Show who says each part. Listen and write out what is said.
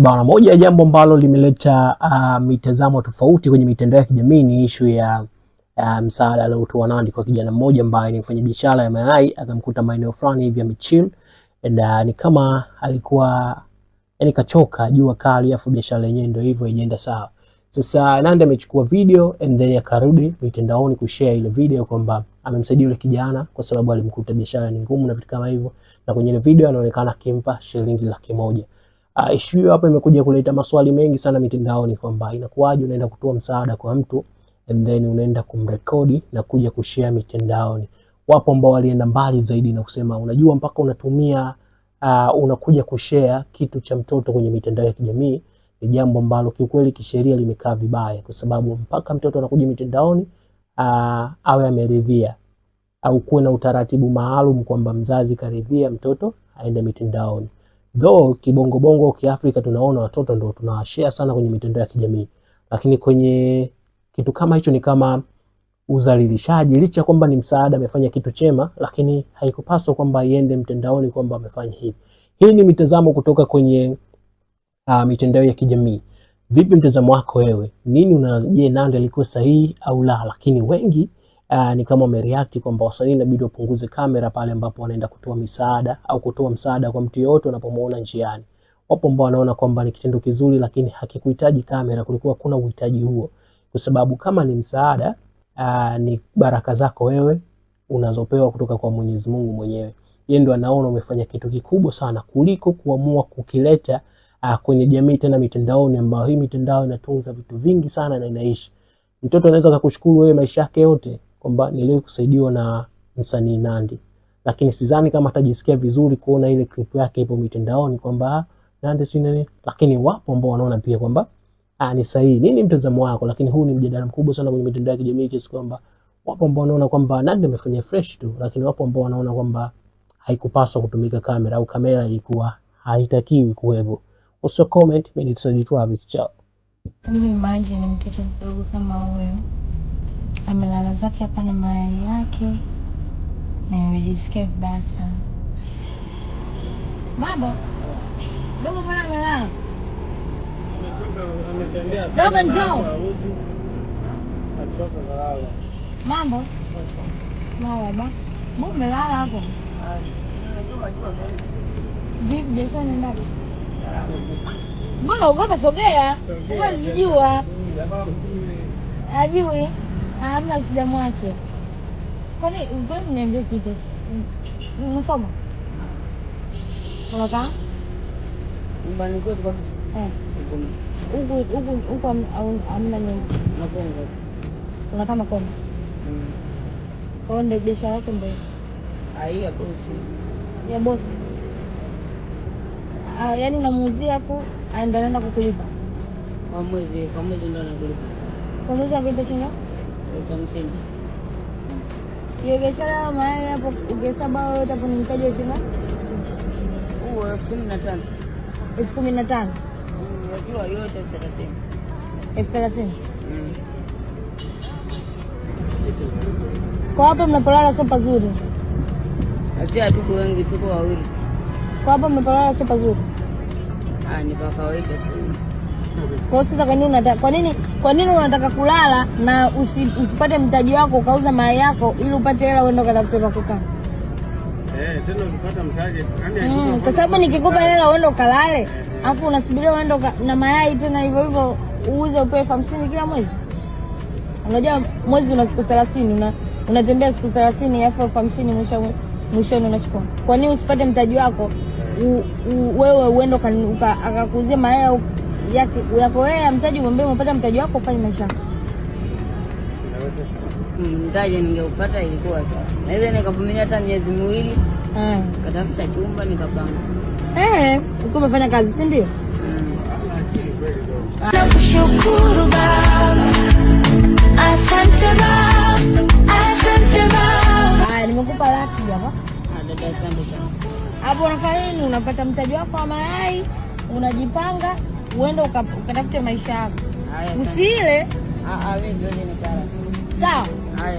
Speaker 1: Bwana, moja ya jambo ambalo limeleta uh, mitazamo tofauti kwenye mitandao ya kijamii ni ishu ya uh, msaada aliotoa Nandy kwa kijana mmoja ambaye ni mfanyabiashara ya mayai, akamkuta maeneo fulani hivi ya Michil and uh, ni kama alikuwa yani kachoka jua kali, afu biashara yenyewe ndio hivyo ijaenda sawa. Sasa Nandy amechukua video and then akarudi mitandaoni kushare ile video kwamba amemsaidia yule kijana kwa sababu alimkuta biashara ni ngumu na vitu kama hivyo, na kwenye ile video anaonekana akimpa shilingi laki moja. Uh, ah, ishu hiyo hapa imekuja kuleta maswali mengi sana mitandaoni kwamba inakuwaje unaenda kutoa msaada kwa mtu and then unaenda kumrekodi na kuja kushare mitandaoni. Wapo ambao walienda mbali zaidi na kusema unajua, mpaka unatumia uh, unakuja kushare kitu cha mtoto kwenye mitandao ya kijamii. Ni jambo ambalo kiukweli kisheria limekaa vibaya, kwa sababu mpaka mtoto anakuja mitandaoni uh, awe ameridhia au kuwe na utaratibu maalum kwamba mzazi karidhia mtoto aende mitandaoni though kibongobongo Kiafrika tunaona watoto ndo tunawashare sana kwenye mitandao ya kijamii, lakini kwenye kitu kama hicho ni kama uzalilishaji, licha kwamba ni msaada, amefanya kitu chema, lakini haikupaswa kwamba iende mtandaoni kwamba amefanya hivi. Hii ni mitazamo kutoka kwenye uh, mitandao ya kijamii. Vipi mtazamo wako wewe? Nini unaje, je, Nandy alikuwa sahihi au la? Lakini wengi uh, ni kama wamereact kwamba wasanii inabidi wapunguze kamera pale ambapo wanaenda kutoa misaada au kutoa msaada kwa mtu yeyote unapomuona njiani. Wapo ambao wanaona kwamba ni kitendo kizuri, lakini hakikuhitaji kamera, kulikuwa kuna uhitaji huo, kwa sababu kama ni msaada uh, ni baraka zako wewe unazopewa kutoka kwa Mwenyezi Mungu mwenyewe. Yeye ndo anaona umefanya kitu kikubwa sana kuliko kuamua kukileta uh, kwenye jamii, tena mitandaoni, ambayo hii mitandao inatunza vitu vingi sana na inaishi. Mtoto anaweza kukushukuru wewe maisha yake yote kwamba niliwahi kusaidiwa na msanii Nandy, lakini sidhani kama atajisikia vizuri kuona ile clip yake ipo mitandaoni kwamba ah, Nandy si nini, lakini wapo ambao wanaona pia kwamba ah, ni sahihi. Nini mtazamo wako? Lakini huu ni mjadala mkubwa sana kwenye mitandao ya kijamii kiasi kwamba wapo ambao wanaona kwamba Nandy amefanya fresh tu, lakini wapo ambao wanaona kwamba haikupaswa kutumika kamera au kamera ilikuwa haitakiwi kuwepo. Usio comment, mimi ni Travis, chao.
Speaker 2: Imagine mtoto mdogo kama huyo amelala zake hapa, ni mayai yake, na nimejisikia vibaya sana. Baba dogo, mbona amelala? Dogo njoo. Mambo baba, mbona umelala hapo? Vipi nenda mbona ugopa, sogea, ulijua ajui hamna Uislamu wake. Kwani kwani niambie kitu, unasoma unakaa
Speaker 3: nyumbani kwetu kabisa
Speaker 2: huku huku huku hamna nyumba Makongo, unakaa Makongo kwao, ndio biashara yako ndio hii ya bosi ya bosi yaani unamuuzia hapo, ndio anaenda kukulipa
Speaker 3: kwa mwezi, kwa mwezi ndio anakulipa
Speaker 2: kwa mwezi, anakulipa chenga Hamsini. Hiyo biashara mayai hapo ungesaba wewe utaponimtaje shilingi?
Speaker 3: Huo elfu kumi na tano.
Speaker 2: Elfu kumi na tano.
Speaker 3: Unajua yote elfu thelathini.
Speaker 2: Elfu thelathini. Kwa hapa mnapolala sio pazuri.
Speaker 3: Asia tuko wengi, tuko wawili.
Speaker 2: Kwa hapa mnapolala sio pazuri.
Speaker 3: Ah, ni pa kawaida tu.
Speaker 2: Kwa sasa kwa nini unataka kwa nini kwa nini unataka kulala na usi, usipate mtaji wako ukauza mali yako ili upate hela uende ukatafute pa kukaa?
Speaker 4: Eh, tena ukipata mtaji yani
Speaker 2: hmm, kwa sababu nikikupa hela uende ukalale eh, eh. alafu unasubiria uende na mayai tena hivyo hivyo uuze upewe elfu hamsini kila mwezi. Unajua mwezi una siku 30 una unatembea siku 30 alafu elfu hamsini mwisho mwishoni unachukua. Kwa nini usipate mtaji wako? U, u, wewe uende akakuzia mayai yako wewe ya mtaji, mwambie umepata mtaji wako, ufanye maisha
Speaker 3: mm, mtaji ningeupata ilikuwa sawa, naweza nikavumilia hata miezi miwili eh. Katafuta chumba nikapanga.
Speaker 2: Eh, uko umefanya kazi, si ndio?
Speaker 5: Nakushukuru Baba, asante Baba, asante Baba.
Speaker 2: Haya, nimekupa laki hapa.
Speaker 3: Ah,
Speaker 2: Hapo unafanya nini? Unapata mtaji wako wa mayai, unajipanga uende ukatafute maisha yako, usiile.
Speaker 3: Ah, ah,
Speaker 2: Sawa.